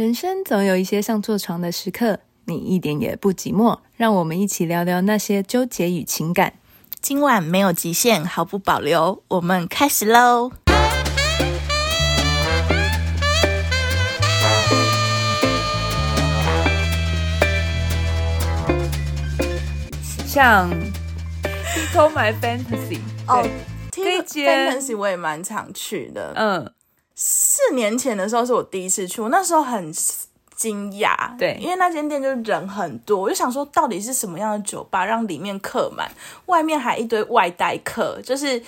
人生總有一些像坐床的時刻，你一點也不寂寞。讓我們一起聊聊那些糾結與情感。今晚沒有極限，毫不保留。我們開始嘍。像，偷 my fantasy。 哦、oh,，聽 fantasy 我也蠻常去的。嗯。四年前的時候是我第一次去，我那時候很驚訝，對，因為那間店就是人很多，我就想說到底是什麼樣的酒吧讓裡面客滿，外面還一堆外帶客，就是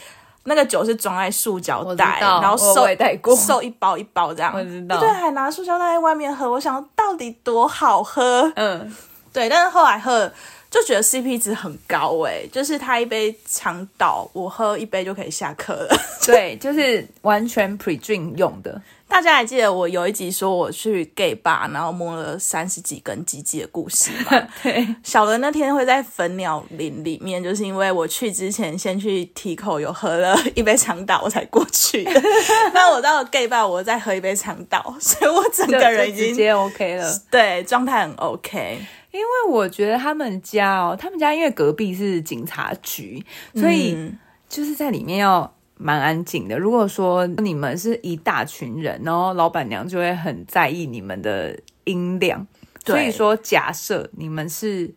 那個酒是裝在塑膠袋，然後售一包一包這樣。我知道，對，還拿塑膠袋在外面喝，我想到底多好喝，嗯，對，但是後來喝。就覺得 CP 值很高誒、欸、就是他一杯長島，我喝一杯就可以下課了。 對，就是完全 pre drink 用的。大家還記得我有一集說我去 gay bar 然後摸了三十幾根雞雞的故事嗎？ 對，小的那天會在粉鳥林裡面，就是因為我去之前先去 T 口有喝了一杯長島，我才過去的。 那，那我到 gay bar 我再喝一杯長島，所以我整個人已經 OK 了，對，狀態很 OK。因為我覺得他們家哦，他們家因為隔壁是警察局，所以就是在裡面要蠻安靜的。如果說你們是一大群人，然後老闆娘就會很在意你們的音量。所以說，假設你們是。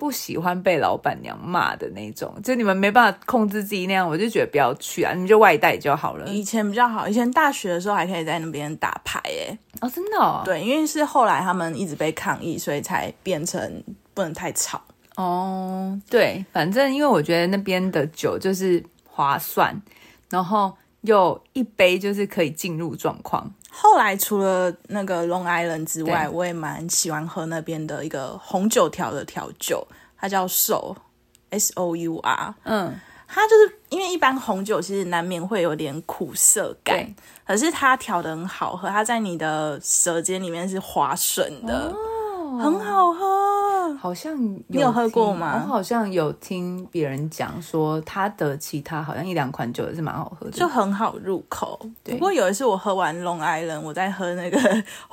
不喜歡被老闆娘罵的那種，就你們沒辦法控制自己那樣，我就覺得不要去啊，你就外帶就好了。以前比較好，以前大學的時候還可以在那邊打牌誒。哦，真的哦？對，因為是後來他們一直被抗議，所以才變成不能太吵。哦，對，反正因為我覺得那邊的酒就是划算，然後又一杯就是可以進入狀況。後來除了那個 Long Island 之外，我也蠻喜歡喝那邊的一個紅酒調的調酒，它叫 Sour，S O U R，嗯，它就是因為一般紅酒其實難免會有點苦澀感，可是它調的很好喝，它在你的舌尖裡面是滑順的，哦，很好喝。好像有，有喝過嗎？我好像有聽別人講說，他的其他好像一兩款酒也是蠻好喝的，就很好入口。不過有一次我喝完 Long Island，我在喝那個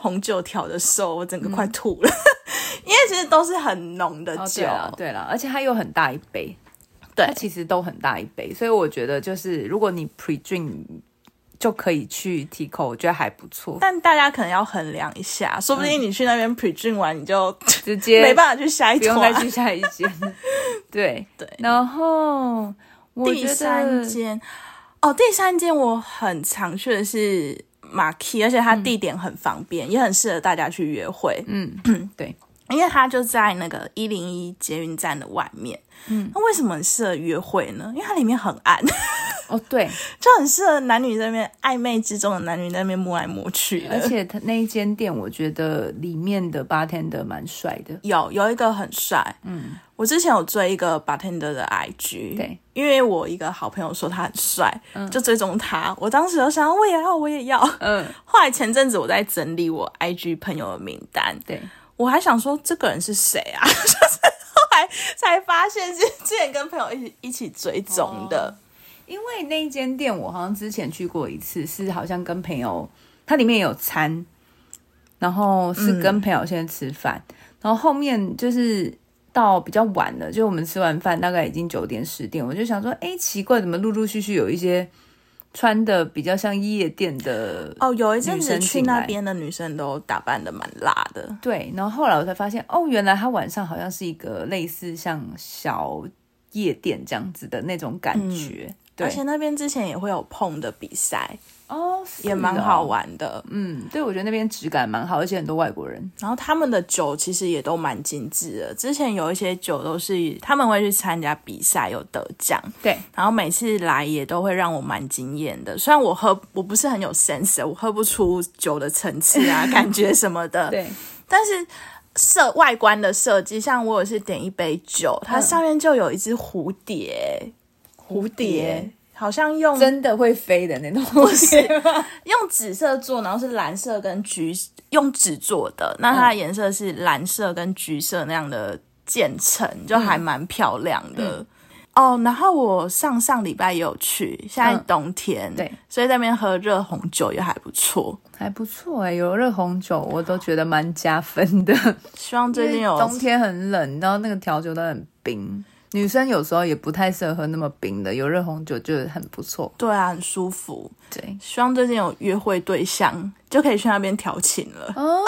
紅酒調的時候，我整個快吐了，嗯、 因為其實都是很濃的酒，oh, 對了、啊啊，而且它又很大一杯，對，它其實都很大一杯，所以我覺得就是如果你 pre drink 就可以去 Tico，我覺得還不錯。但大家可能要衡量一下，嗯、說不定你去那邊 Pre j n 玩，你就直接 沒辦法去下一間、啊，不用再去下一間。 對對。然後第三間哦，第三間我很常去的是 Maki 而且它地點很方便，嗯、也很適合大家去約會。嗯，對，因為它就在那個一零一捷運站的外面。嗯，那為什麼很適合約會呢？因為它裡面很暗。哦、oh,，對，就很適合男女在那邊曖昧之中的男女在那邊摸來摸去，而且他那一間店，我覺得裡面的 bartender 蠻帥的。有有一個很帥，嗯，我之前有追一個 bartender 的 IG，對，因為我一個好朋友說他很帥，就追蹤他。嗯、我當時就想我也要我也要，嗯。後來前陣子我在整理我 IG 朋友的名單，對，我還想說這個人是誰啊？ 就是後來才發現是之前跟朋友一起一起追蹤的。Oh. 因為那一間店，我好像之前去過一次，是好像跟朋友，它裡面有餐，然後是跟朋友先吃飯，嗯、然後後面就是到比較晚了，就我們吃完飯大概已經九點十點，我就想說，哎，奇怪，怎麼陸陸續續有一些穿的比較像夜店的哦，有一陣子去那邊的女生都打扮的蠻辣的，對，然後後來我才發現，哦，原來她晚上好像是一個類似像小夜店這樣子的那種感覺。嗯而且那邊之前也會有碰的比賽哦，oh, 也蠻好玩的。嗯，對，我覺得那邊質感蠻好，而且很多外國人。然後他們的酒其實也都蠻精緻的。之前有一些酒都是他們會去參加比賽，有得獎。對，然後每次來也都會讓我蠻驚艷的。雖然我喝我不是很有 sense，我喝不出酒的層次啊， 感覺什麼的。對，但是設外觀的設計，像我也是點一杯酒，它上面就有一隻蝴蝶欸。蝴蝶，蝴蝶好像用真的會飛的那種東西， 用紫色做，然後是藍色跟橘，用紙做的、嗯。那它的顏色是藍色跟橘色那樣的漸層，就還蠻漂亮的、嗯、哦。然後我上上禮拜也有去，現在冬天、嗯、對，所以在那邊喝熱紅酒也還不錯，還不錯哎、欸，有熱紅酒我都覺得蠻加分的。希望最近有冬天很冷，然後那個調酒都很冰。女生有時候也不太適合喝那麼冰的，有熱紅酒就很不錯。對啊，很舒服。對，希望最近有約會對象，就可以去那邊調情了。哦、oh,，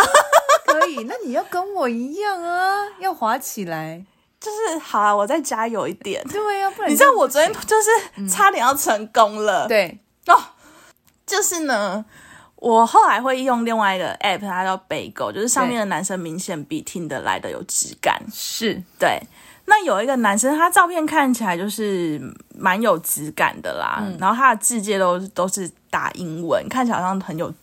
可以。 那你要跟我一樣啊，要滑起來。就是好啊，我再加油一點。對啊，不然你，你知道我昨天就是差點要成功了。嗯、對哦，oh, 就是呢，我後來會用另外一個 app，它叫北狗，就是上面的男生明顯比 Tinder 來的有質感。是對。是對那有一個男生，他照片看起來就是蠻有質感的啦、嗯，然後他的自介都都是打英文，看起來好像很有，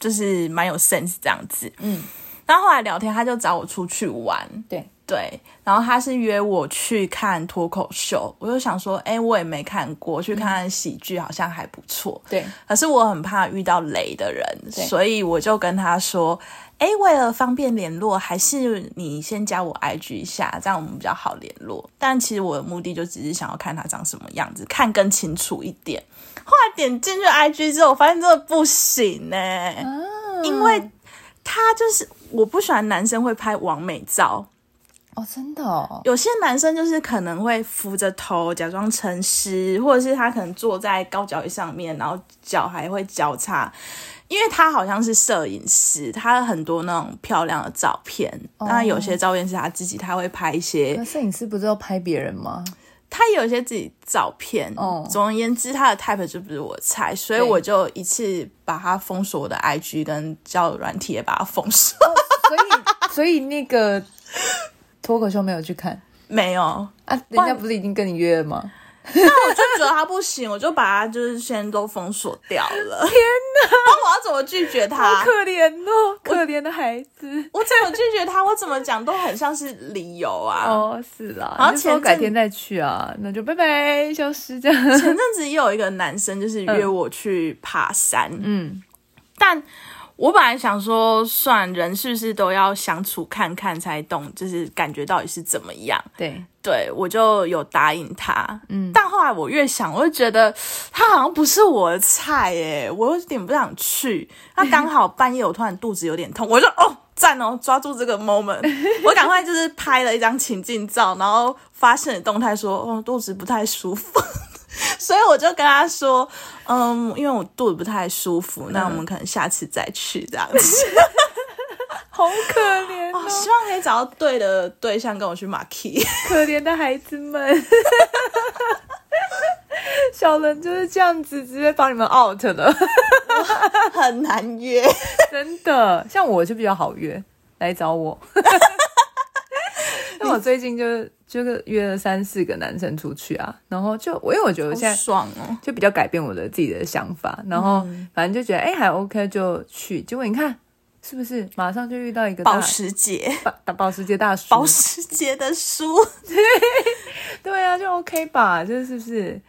就是蠻有 sense 這樣子。嗯，然後後來聊天，他就找我出去玩，對對，然後他是約我去看脫口秀，我就想說，哎、欸，我也沒看過，去看看喜劇好像還不錯，對、嗯。可是我很怕遇到雷的人，所以我就跟他說。哎、欸，為了方便聯絡，還是你先加我 IG 一下，這樣我們比較好聯絡。但其實我的目的就只是想要看他長什麼樣子，看更清楚一點。後來點進去 IG 之後，我發現真的不行呢、欸，因為他就是我不喜歡男生會拍網美照。哦、oh，真的，哦，有些男生就是可能會扶着頭假裝沉思，或者是他可能坐在高腳椅上面，然後腳還會交叉，因為他好像是攝影師，他有很多那種漂亮的照片。Oh. 那有些照片是他自己，他會拍一些。攝影師不是要拍別人嗎？他也有一些自己照片。哦，oh.，總而言之，他的 type 就不是我菜。所以我就一次把他封鎖我的 IG，跟交友軟體也把他封鎖。Oh, 所以，所以那個。 脫口秀沒有去看，沒有啊！人家不是已經跟你約了嗎？那我就覺得他不行， 我就把他就是先都封鎖掉了。天哪！那我要怎麼拒絕他？好可憐哦、喔，可憐的孩子！我，我怎麼拒絕他？我怎麼講都很像是理由啊！ 哦，是啊，好，我改天再去啊，那就拜拜，消失這樣。前陣子也有一個男生就是約我去爬山，嗯，嗯，但。我本來想說，算人是不是都要相處看看才懂，就是感覺到底是怎麼樣。對。對，對，我就有答應他，嗯，但後來我越想，我就覺得他好像不是我的菜耶。我有點不想去。他剛好半夜，我突然肚子有點痛， 我就哦讚哦，抓住這個 moment，我趕快就是拍了一張情境照，然後發在動態說，哦，肚子不太舒服。 所以我就跟他說，嗯，因為我肚子不太舒服，嗯，那我們可能下次再去這樣子。 好可憐哦，哦，希望你可以找到對的對象跟我去 Marquee，可憐的孩子們， 小人就是這樣子，直接把你們 out 了 很難約，真的，像我就比較好約，來找我。那 我最近就。就約了三四個男生出去啊，然後就我因為我覺得我現在爽哦，就比較改變我的自己的想法，哦、然後反正就覺得哎還 OK 就去，結果你看是不是馬上就遇到一個保保,保時捷大保時捷大叔，保時捷的叔，對對啊就 OK 吧，就是不是？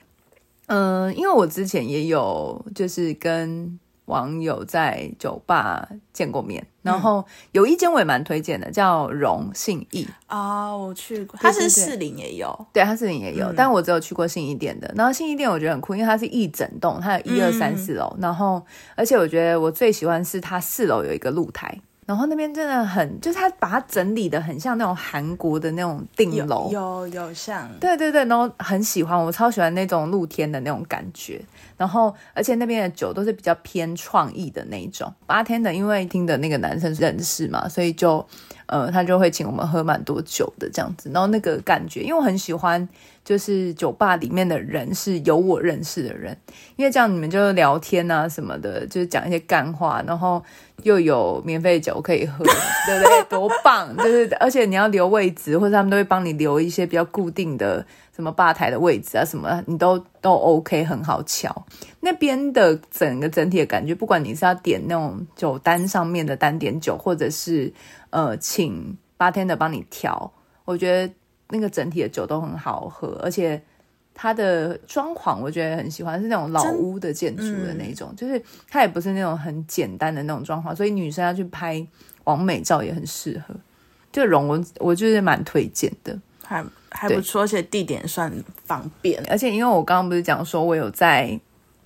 嗯、呃，因為我之前也有就是跟。網友在酒吧見過面，然後有一間我也蠻推薦的，叫榮信義啊，我去過，它是士林也有，對，對，對，對，它士林也有、嗯，但我只有去過信義店的。然後信義店我覺得很酷，因為它是一整棟，它有一二三四樓、嗯，然後而且我覺得我最喜歡是它四樓有一個露台，然後那邊真的很就是它把它整理得很像那種韓國的那種頂樓，有有，有像，對對對，然後很喜歡，我超喜歡那種露天的那種感覺。然後，而且那邊的酒都是比較偏創意的那一種。Bartender，因為聽的那個男生認識嘛，所以就，呃，他就會請我們喝蠻多酒的這樣子。然後那個感覺，因為我很喜歡，就是酒吧裡面的人是有我認識的人，因為這樣你們就聊天啊什麼的，就是講一些幹話，然後又有免費酒可以喝，對不對？多棒！就是而且你要留位置，或者他們都會幫你留一些比較固定的什麼吧台的位置啊什麼，你都都 OK，很好喬。那邊的整個整體的感覺，不管你是要點那種酒單上面的單點酒，或者是呃請 Bartender 幫你調，我覺得那個整體的酒都很好喝，而且它的裝潢我覺得很喜歡，是那種老屋的建築的那種、嗯，就是它也不是那種很簡單的那種裝潢，所以女生要去拍網美照也很適合，就容我我就是蠻推薦的，還還不錯，而且地點算方便，而且因為我剛剛不是講說我有在。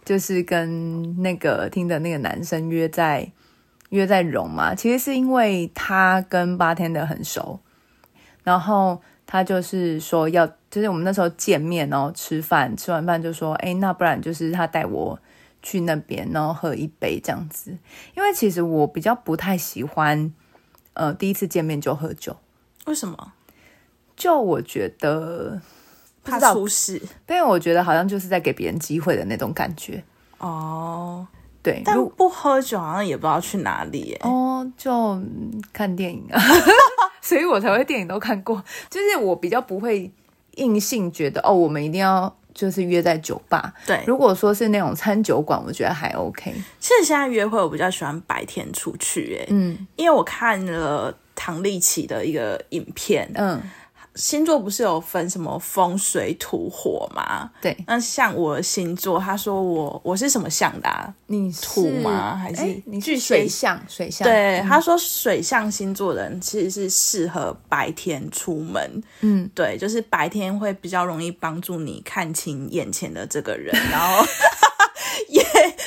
就是跟那個聽的那個男生約在約在榕嘛，其實是因為他跟 Bartender 很熟，然後他就是說要，就是我們那時候見面哦，然後吃飯，吃完飯就說，哎、欸，那不然就是他帶我去那邊，然後喝一杯這樣子。因為其實我比較不太喜歡，呃，第一次見面就喝酒，為什麼？就我覺得。怕出事，但我覺得好像就是在給別人機會的那種感覺哦。對，但不喝酒好像也不知道去哪裡耶。哦，就看電影啊， 所以我才會電影都看過。就是我比較不會硬性覺得哦，我們一定要就是約在酒吧。對，如果說是那種餐酒館，我覺得還 OK。其實現在約會我比較喜歡白天出去耶，嗯，因為我看了唐立淇的一個影片，嗯。星座不是有分什麼風水土火嗎？對，那像我的星座，他說我我是什麼象的？啊？你是土嗎？還是巨、欸、你是水象水？水象。對、嗯，他說水象星座的人其實是適合白天出門。嗯，對，就是白天會比較容易幫助你看清眼前的這個人，然後。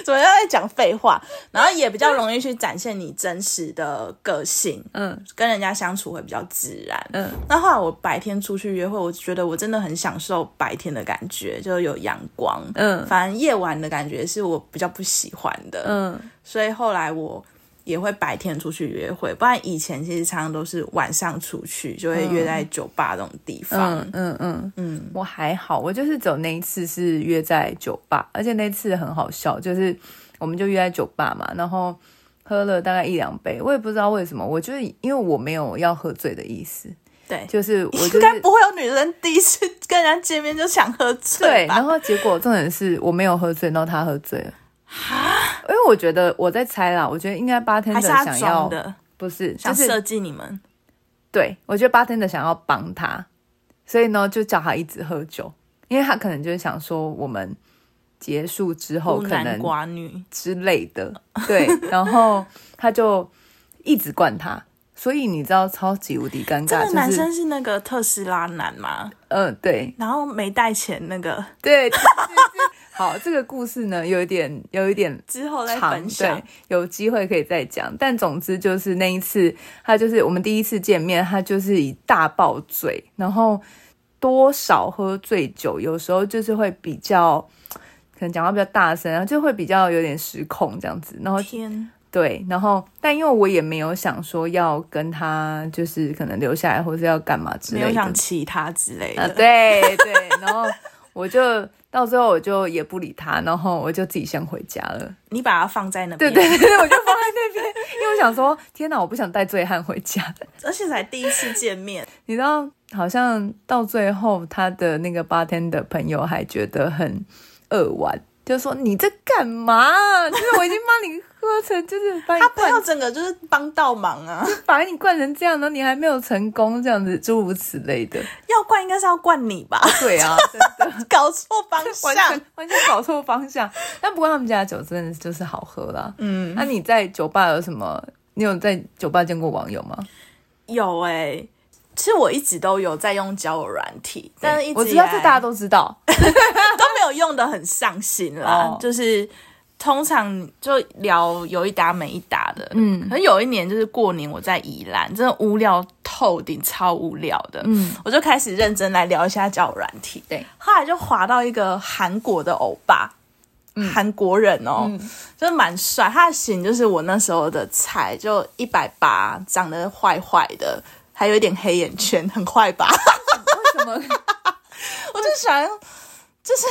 怎麼又在講廢話，然後也比較容易去展現你真實的個性，嗯，跟人家相處會比較自然，嗯。那後來我白天出去約會，我覺得我真的很享受白天的感覺，就有陽光，嗯。反正夜晚的感覺是我比較不喜歡的，嗯。所以後來我。也會白天出去約會，不然以前其實常常都是晚上出去，就會約在酒吧那種地方。嗯嗯嗯嗯，我還好，我就是只有那一次是約在酒吧，而且那次很好笑，就是我們就約在酒吧嘛，然後喝了大概一兩杯，我也不知道為什麼，我就是因為我沒有要喝醉的意思。對，就是我、就是、應該不會有女生第一次跟人家見面就想喝醉。對，然後結果重點是我沒有喝醉，然後她喝醉了。啊！因為我覺得我在猜啦，我覺得應該 Bartender 想要不是想設計你們，就是、對，我覺得 Bartender 想要幫他，所以呢就叫他一直喝酒，因為他可能就是想說我們結束之後可能孤男寡女之類的，對，然後他就一直灌他，所以你知道超級無敵尷尬。這個男生是那個特斯拉男嗎？嗯，對，然後沒帶錢那個，對。對對 好，這個故事呢，有一點，有一點長，之後再分享。對，有機會可以再講。但總之就是那一次，他就是我們第一次見面，他就是以大爆嘴，然後多少喝醉酒，有時候就是會比較，可能講話比較大聲，然後就會比較有點失控這樣子。然後天，對，然後，但因為我也沒有想說要跟他就是可能留下來，或是要幹嘛之類的，沒有想其他之類的。啊、對對，然後我就。 到最後我就也不理他，然後我就自己先回家了。你把它放在那邊。對對對，我就放在那邊， 因為我想說，天哪，我不想帶醉漢回家。而且才第一次見面。 你知道，好像到最後他的那個 bartender 朋友還覺得很扼腕。就說你這幹嘛？就是我已經幫你喝成，就是你 他朋友整個就是幫倒忙啊，就是、把你灌成這樣，然後你還沒有成功，這樣子諸如此類的。要灌應該是要灌你吧？對啊，真的 搞錯方向 完，完全搞錯方向。但不過他們家的酒真的就是好喝啦。嗯，那、啊、你在酒吧有什麼？你有在酒吧見過網友嗎？有哎、欸。其實我一直都有在用交友軟體，但是一直我知道這大家都知道， 都沒有用得很上心啦。哦、就是通常就聊有一搭沒一搭的，嗯，可能有一年就是過年我在宜蘭，真的無聊透頂，超無聊的，嗯，我就開始認真來聊一下交友軟體，對，後來就滑到一個韓國的歐巴，韓、嗯、國人哦，嗯、就是蠻帥，他的型就是我那時候的菜，就一百八，長得壞壞的。還有一點黑眼圈，很壞吧？ 為什麼？ 我就想，就是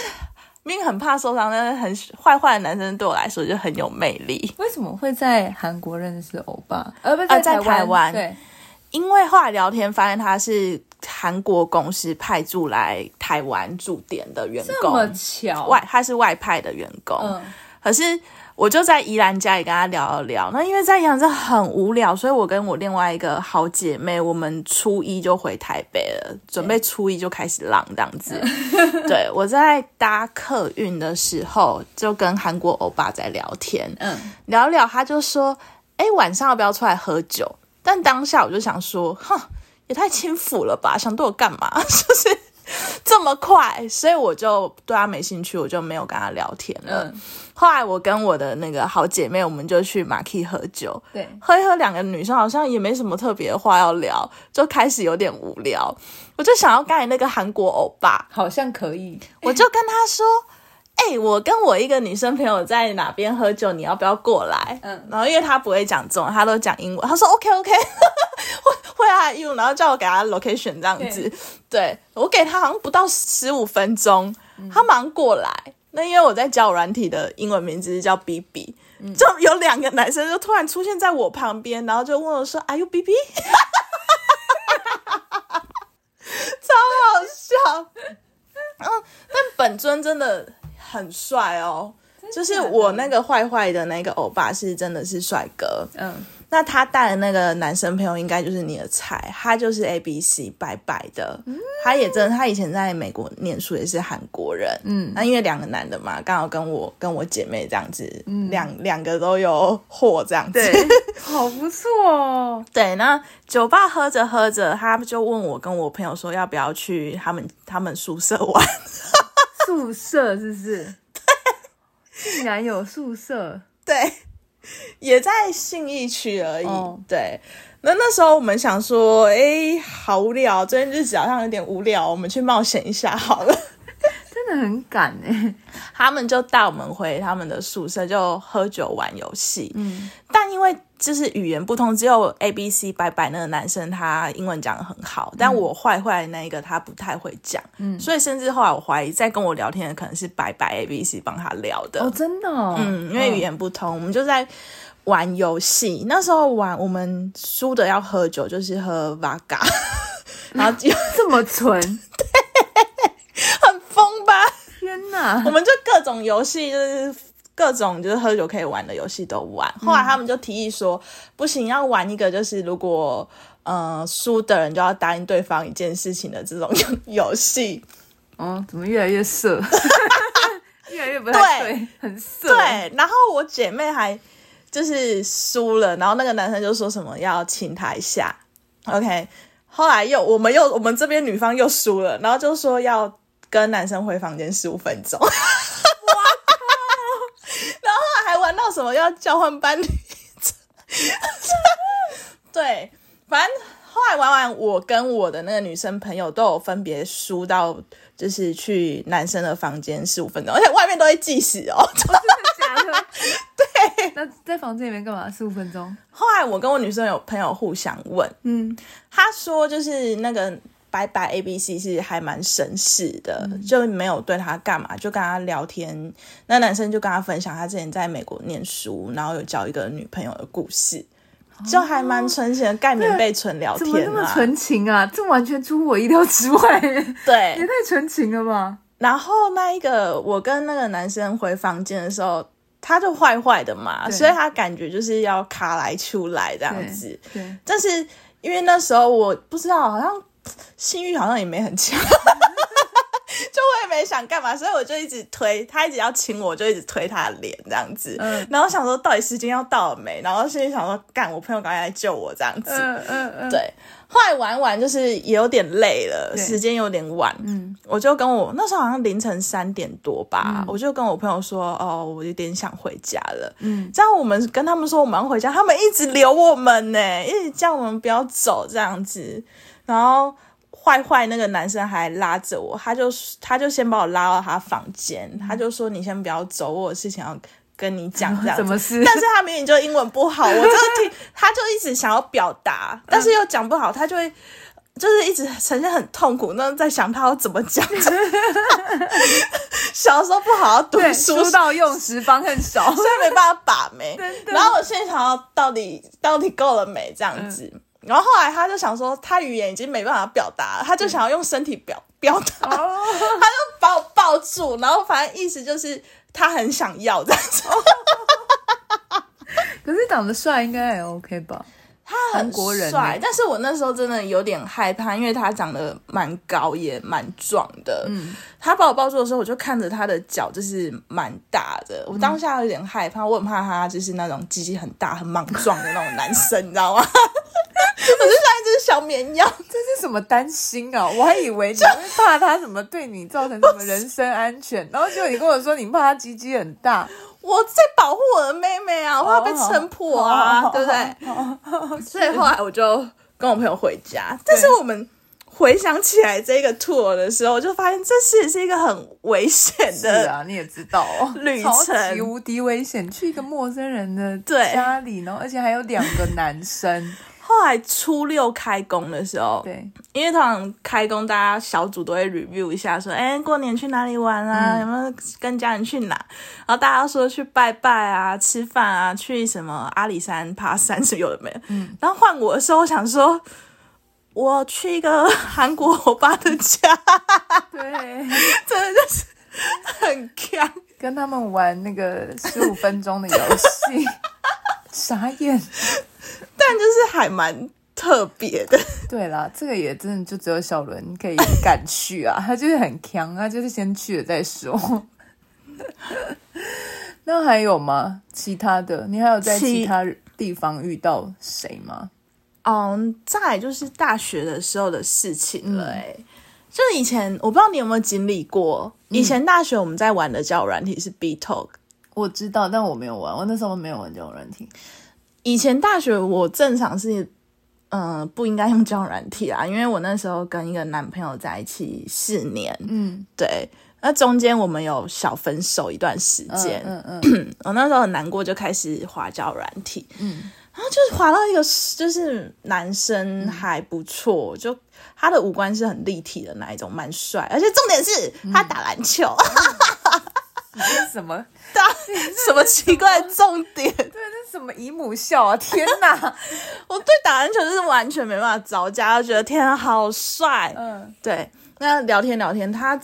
明明很怕受傷，但是很壞壞的男生對我來說就很有魅力。為什麼會在韓國認識歐巴？而、啊、不，是在台灣、呃、對，因為後來聊天發現他是韓國公司派駐來台灣駐點的員工，這麼巧，外他是外派的員工，嗯、可是。我就在宜蘭家裡跟他聊了聊，那因為在宜蘭是很無聊，所以我跟我另外一個好姐妹，我們初一就回台北了，準備初一就開始浪這樣子。對我在搭客運的時候，就跟韓國歐巴在聊天，嗯，聊聊，他就說，哎、欸，晚上要不要出來喝酒？但當下我就想說，哼，也太輕浮了吧，想對我幹嘛？就是。這麼快，所以我就對他沒興趣，我就沒有跟他聊天了。嗯、後來我跟我的那個好姐妹，我們就去馬 k 喝酒，對，喝一喝，兩個女生好像也沒什麼特別的話要聊，就開始有點無聊。我就想要蓋那個韓國歐巴，好像可以，我就跟他說：“哎、 欸，我跟我一個女生朋友在哪邊喝酒，你要不要過來？”嗯、然後因為他不會講中文，他都講英文，他說：“OK OK。 ” 會會啊，you 然後叫我給他 location 這樣子，okay。對，我給他好像不到十五分鐘，嗯，他忙過來。那因為我在叫軟體的英文名字是叫 BB、嗯、就有兩個男生就突然出現在我旁邊，然後就問我說 Are you BB？” 超好笑。嗯，但本尊真的很帥哦的的，就是我那個壞壞的那個歐巴是真的是帥哥。嗯。那他帶的那個男生朋友應該就是你的菜，他就是 ABC 白白的，嗯、他也真的，他以前在美國念書也是韓國人，嗯，那因為兩個男的嘛，剛好跟我跟我姐妹這樣子，兩、嗯、兩個都有貨這樣子，對，好不錯哦，對，那酒吧喝着喝着，他就問我跟我朋友說要不要去他們他們宿舍玩， 宿舍是不是？對。竟然有宿舍，對。也在信義區而已，oh. 對。那那時候我們想說，誒、欸，好無聊，最近日子好像有點無聊，我們去冒險一下好了。真的很趕哎，他們就帶我們回他們的宿舍，就喝酒玩遊戲。嗯，但因為。就是語言不通，只有 A B C 拜拜那個男生他英文講的很好，但我壞壞的那個他不太會講，嗯，所以甚至後來我懷疑在跟我聊天的可能是拜拜 A B C 幫他聊的。哦，真的。哦，嗯，因為語言不通，哦，我們就在玩遊戲。那時候玩我們輸的要喝酒，就是喝 Vaga、嗯、 然後就這麼純， 對、很瘋吧？天哪！我們就各種遊戲就是。各種就是喝酒可以玩的遊戲都玩、嗯，後來他們就提議說，不行要玩一個就是如果嗯輸、呃、的人就要答應對方一件事情的這種遊戲。哦，怎麼越來越色， 越來越不太對，很色。對，然後我姐妹還就是輸了，然後那個男生就說什麼要親她一下，OK、嗯。後來又我們又我們這邊女方又輸了，然後就說要跟男生回房間十五分鐘。什麼要交換班女子？ 對，反正後來玩完，我跟我的那個女生朋友都有分別輸到，就是去男生的房間十五分鐘，而且外面都會計時哦，都是假的。 對，那在房間裡面幹嘛？十五分鐘。後來我跟我女生有朋友互相問，嗯，他說就是那個。拜拜，A B C 是還蠻紳士的，嗯，就沒有對他幹嘛，就跟他聊天。那男生就跟他分享他之前在美國唸書，然後有交一個女朋友的故事，哦，就還蠻純情的，蓋棉被純聊天。啊，怎麼那麼純情啊？這完全出乎我意料之外。對，也太純情了吧。然後那一個，我跟那個男生回房間的時候，他就壞壞的嘛，所以他感覺就是要卡來出來這樣子。對，對對，但是因為那時候我不知道，好像。性慾好像也沒很強， 就我也沒想幹嘛，所以我就一直推他，一直要親我，就一直推他臉這樣子。然後想說到底時間要到了沒？然後心裡想說，幹，我朋友趕快來救我這樣子。嗯嗯對。後來玩玩就是也有點累了，時間有點晚。嗯，我就跟我那時候好像凌晨三點多吧，我就跟我朋友說，哦，我有點想回家了。嗯，這樣我們跟他們說我們要回家，他們一直留我們呢、欸，一直叫我們不要走這樣子。然後壞壞那個男生還拉着我，他就他就先把我拉到他房間，他就說：“你先不要走，我有事情要跟你講。”這樣子。嗯、什麼事？但是，他明明就英文不好，我就聽， 他就一直想要表達，但是又講不好，他就會就是一直呈現很痛苦，那在想他要怎麼講。 小時候不好好讀書，書到用時方恨少， 所以沒辦法把妹。然後我現在想要到，到底到底夠了沒？這樣子。嗯然後後來他就想說，他語言已經沒辦法表達了，他就想要用身體表、嗯、表達， 他就把我抱住，然後反正意思就是他很想要這樣子。可是長得帥應該也 OK 吧？他韓國人，帥。但是我那時候真的有點害怕，因為他長得蠻高也蠻壯的。嗯，他把我抱住的時候，我就看着他的腳就是蠻大的，我當下有點害怕，我很怕他就是那種雞雞很大、很莽撞的那種男生， 你知道嗎？這我的是像一隻小綿羊，這是什麼擔心啊？我還以為你怕他什麼，對你造成什麼人身安全就。然後結果你跟我說，你怕他雞雞很大，我在保護我的妹妹啊，oh, 我怕被撐破啊，oh, 好好好對不對？所、oh, 以、oh, oh, oh, okay. 後來我就跟我朋友回家。但是我們回想起來這個 tour 的時候，我就發現這其實是一個很危險的，啊。你也知道、哦，旅程無敵危險，去一個陌生人的家裡，然後而且還有兩個男生。 後來初六開工的時候，對，因為通常開工大家小組都會 review 一下，說，哎，過年去哪裡玩啊？有沒有跟家人去哪？嗯、然後大家說去拜拜啊，吃飯啊，去什麼阿里山爬山，什麼有的沒有。嗯、然後換我的時候，我想說我去一個韓國歐巴的家， 對，真的就是很強，跟他們玩那個十五分鐘的遊戲， 傻眼。但就是還蠻特別的， 對啦，這個也真的就只有小倫可以敢去啊， 他就是很強，他就是先去了再說。 那還有嗎？其他的，你還有在其他地方遇到誰嗎？嗯，在就是大學的時候的事情了哎、嗯，就以前我不知道你有沒有經歷過、嗯，以前大學我們在玩的交友軟體是 BeeTalk，我知道，但我沒有玩，我那時候沒有玩這種軟體。以前大學我正常是，嗯、呃，不應該用交友軟體啊，因為我那時候跟一個男朋友在一起四年，嗯，對，那中間我們有小分手一段時間，嗯嗯，嗯， 我那時候很難過，就開始滑交友軟體，嗯，然後就是滑到一個，就是男生還不錯、嗯，就他的五官是很立體的那一種，蠻帥，而且重點是他打籃球。嗯 這什麼大？ 什麼奇怪重點？這是對，那什麼姨母笑啊？天哪！ 我對打籃球就是完全沒辦法招架，我覺得天、啊、好帥。嗯，對。那聊天聊天，他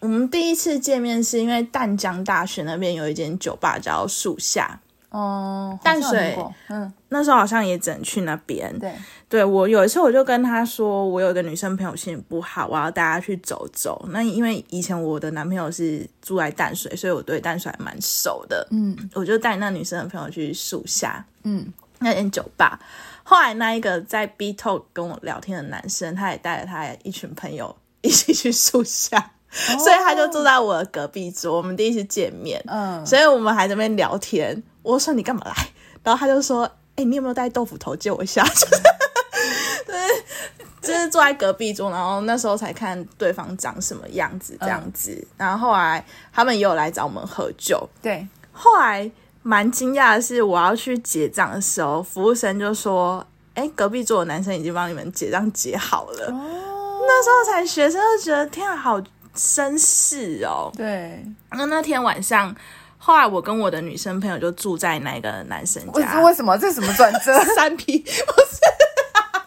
我們第一次見面是因為淡江大學那邊有一間酒吧，叫樹下。哦、呃，淡水，嗯，那時候好像也只能去那邊。對，對我有一次我就跟他說，我有一個女生朋友心情不好，我要帶她去走走。那因為以前我的男朋友是住在淡水，所以我對淡水還蠻熟的。嗯，我就帶那女生的朋友去樹下，嗯，那間酒吧。後來那一個在 B Talk 跟我聊天的男生，他也帶了他一群朋友一起去樹下。所以他就坐在我的隔壁桌，oh. 我們第一次見面，嗯、um.，所以我們還在那邊聊天。我說你幹嘛來？然後他就說，哎、欸，你有沒有帶豆腐頭借我一下？ 就是就是坐在隔壁桌，然後那時候才看對方長什麼樣子這樣子。Um. 然後後來他們也有來找我們喝酒。對，後來蠻驚訝的是，我要去結賬的時候，服務生就說，哎、欸，隔壁桌的男生已經幫你們結賬結好了。Oh. 那時候才學生就覺得天哪好。紳士哦，對。那、嗯、那天晚上，後來我跟我的女生朋友就住在那個男生家。為什麼？這什麼轉折？ 三皮？哈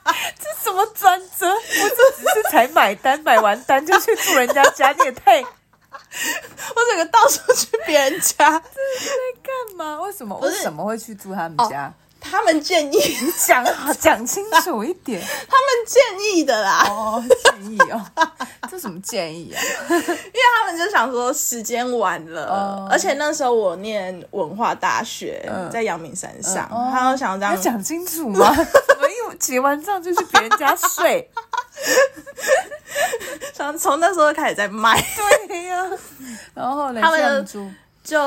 哈 這什麼轉折？我這只是才買單， 買完單就去住人家家， 你也配太？ 我整個到處去別人家， 這是在幹嘛？為什麼？為什麼會去住他們家？哦、他們建議，講好 講清楚一點。 他們建議的啦。哦，建議哦。什麼建議啊？ 因為他們就想說時間晚了，oh. 而且那時候我念文化大學，uh. 在陽明山上，他、uh. 就、oh. 想這樣講清楚嗎？我 一起完帳就去別人家睡？ 想從那時候開始在賣、啊，對呀。然後後來他們就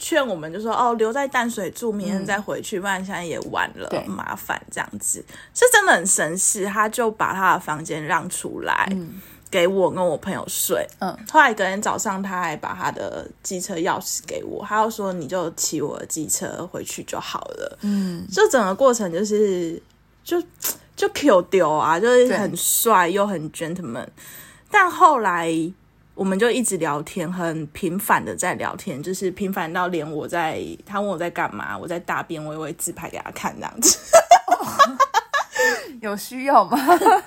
勸我們，就說：“ 哦，留在淡水住，明天再回去，嗯、不然現在也晚了，麻煩這樣子。”是真的很神奇，他就把他的房間讓出來。嗯給我跟我朋友睡，嗯，後來隔天早上他還把他的機車鑰匙給我，他又說，你就騎我的機車回去就好了，嗯，就整個過程就是就就 Q 丟啊，就是很帥又很 gentleman，但後來我們就一直聊天，很頻繁的在聊天，就是頻繁到連我在他問我在幹嘛，我在大便，我也會自拍給他看這樣子， 哦、有需要嗎？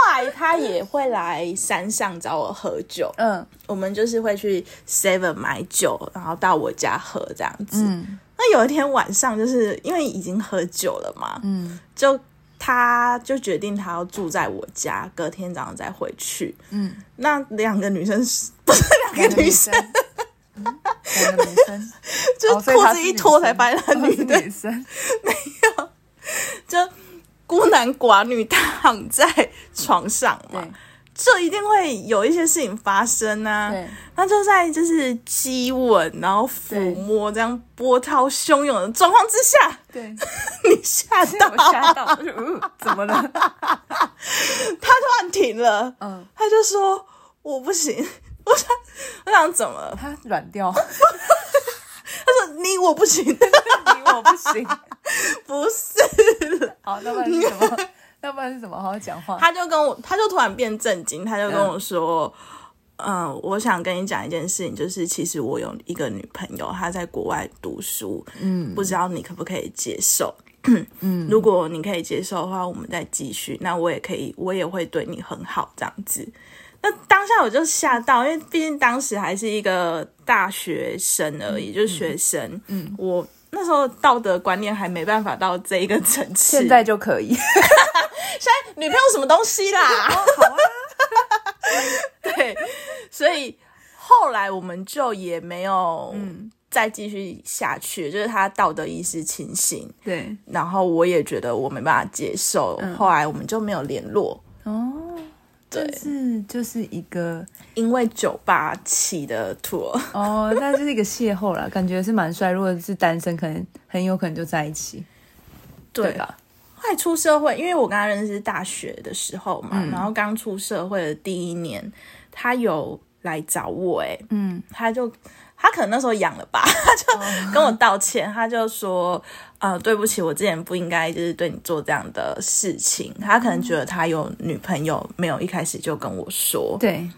後 來他也會來山上找我喝酒，嗯，我們就是會去 Seven 買酒，然後到我家喝這樣子。嗯、那有一天晚上，就是因為已經喝酒了嘛，嗯，就他就決定他要住在我家，隔天早上再回去。嗯，那兩個女生不是兩個女生，哈 哈女生、嗯、女生 就褲子一脫才掰了女的，哦、女生 沒有就。孤男寡女躺在床上嘛，就一定會有一些事情發生啊，對，那就在就是激吻，然後撫摸這樣波濤洶湧的狀況之下，對， 你嚇到嚇到 我、呃，怎麼了？ 他突然停了，嗯，他就說我不行， 我想我想怎麼？他軟掉， 他說你我不行。 我不行，不是了。 好，那不然你怎麼？ 那不然是怎麼好好講話？他就跟我，他就突然變正經，他就跟我說：“ yeah. 嗯，我想跟你講一件事情，就是其實我有一個女朋友，她在國外讀書。嗯、mm.，不知道你可不可以接受？嗯， 如果你可以接受的話，我們再繼續。那我也可以，我也會對你很好這樣子。那當下我就嚇到，因為畢竟當時還是一個大學生而已，mm. 就是學生。嗯、mm.，我。那時候道德觀念還沒辦法到這一個層次，現在就可以。 現在女朋友什麼東西啦？哦啊、 對，所以後來我們就也沒有再繼續下去，嗯、就是他道德意識清醒，對，然後我也覺得我沒辦法接受，嗯、後來我們就沒有聯絡。對，是就是一個因為酒吧起的拖哦，那、oh, 是一個邂逅啦， 感覺是蠻帥。如果是單身，可能很有可能就在一起。對，對吧？快出社會，因為我跟他認識是大學的時候嘛，嗯、然後剛出社會的第一年，他有來找我，欸，哎，嗯，他就他可能那時候癢了吧，他就、oh. 跟我道歉，他就說。啊、呃，對不起，我之前不應該就是對你做這樣的事情。他可能覺得他有女朋友，沒有一開始就跟我說。對，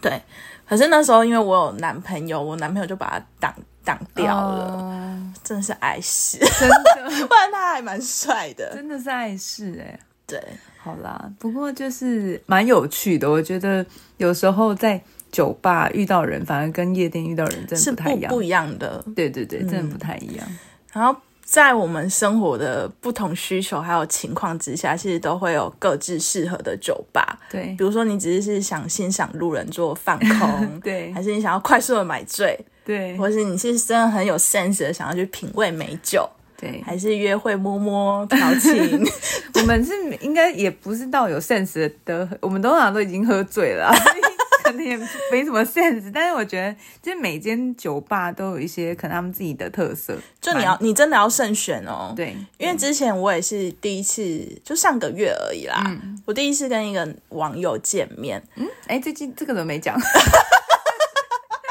對。可是那時候因為我有男朋友，我男朋友就把他擋擋掉了，呃、真的是礙事。真的。不 然他還蠻帥的，真的是礙事哎、欸。對，好啦，不過就是蠻有趣的。我覺得有時候在酒吧遇到人，反而跟夜店遇到人真的不太一樣是不不一樣的。對對對，真的不太一樣。然、嗯、後。在我們生活的不同需求還有情況之下，其實都會有各自適合的酒吧。對，比如說你只是是想欣賞路人做放空， 對；還是你想要快速的買醉，對；或是你是真的很有 sense 的想要去品味美酒，對；還是約會摸摸調情， 我們是應該也不是到有 sense 的，我們通常都已經喝醉了。 肯 定也沒什麼 sense，但是我覺得，就每間酒吧都有一些可能他們自己的特色。就你要，你真的要慎選哦。對，因為之前我也是第一次，嗯、就上個月而已啦、嗯。我第一次跟一個網友見面。嗯。哎、欸，最近這個怎麼沒講？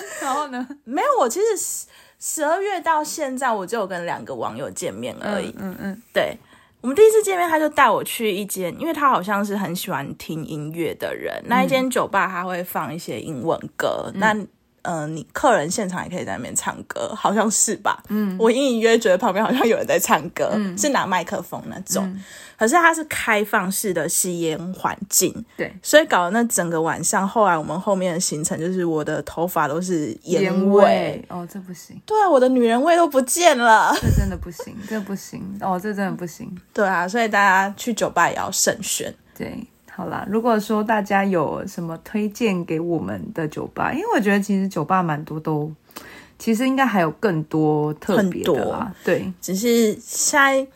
然後呢？沒有，我其實十二月到現在，我就有跟兩個網友見面而已。嗯嗯，嗯。對。我們第一次見面，他就帶我去一間，因為他好像是很喜歡聽音樂的人，那一間酒吧他會放一些英文歌。嗯、那。嗯、呃，你客人現場也可以在那邊唱歌，好像是吧？嗯，我隱隱約約覺得旁邊好像有人在唱歌，嗯、是拿麥克風那種、嗯。可是它是開放式的吸煙環境，對，所以搞了那整個晚上。後來我們後面的行程就是我的頭髮都是煙味，哦，這不行。對啊，我的女人味都不見了，這真的不行，這不行 哦，這真的不行。對啊，所以大家去酒吧也要慎選，對。好啦，如果說大家有什麼推薦給我們的酒吧，因為我覺得其實酒吧蠻多都，都其實應該還有更多特別的啦多，對，只是現在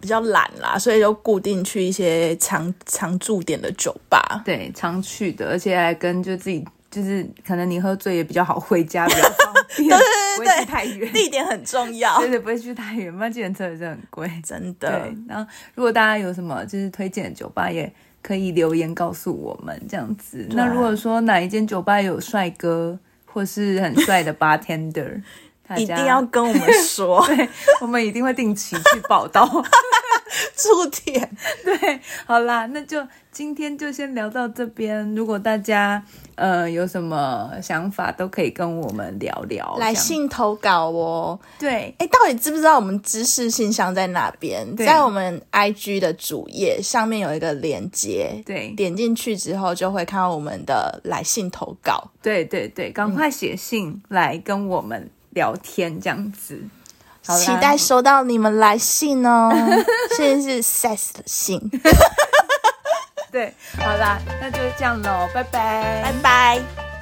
比較懶啦，所以就固定去一些常常駐點的酒吧，對，常去的，而且還跟就自己就是可能你喝醉也比較好回家， 比較方便，不會去太遠，地點很重要，對，對，不會去太遠，不然汽車也是很貴，真的。對，然後，如果大家有什麼就是推薦的酒吧也。可以留言告訴我們，這樣子。那如果說哪一間酒吧有帥哥，或是很帥的 bartender， 一定要跟我們說， 我們一定會定期去報道。出 天，對，好啦，那就今天就先聊到這邊。如果大家呃有什麼想法，都可以跟我們聊聊。來信投稿哦。對，哎、欸，到底知不知道我們知識信箱在哪邊？在我們 IG 的主頁上面有一個連結。對，點進去之後就會看到我們的來信投稿。對對對，趕快寫信、嗯、來跟我們。聊天這樣子。好，期待收到你們來信哦、喔，現 在是 s a s 的信。 對，好啦，那就這樣嘍，拜拜，拜拜。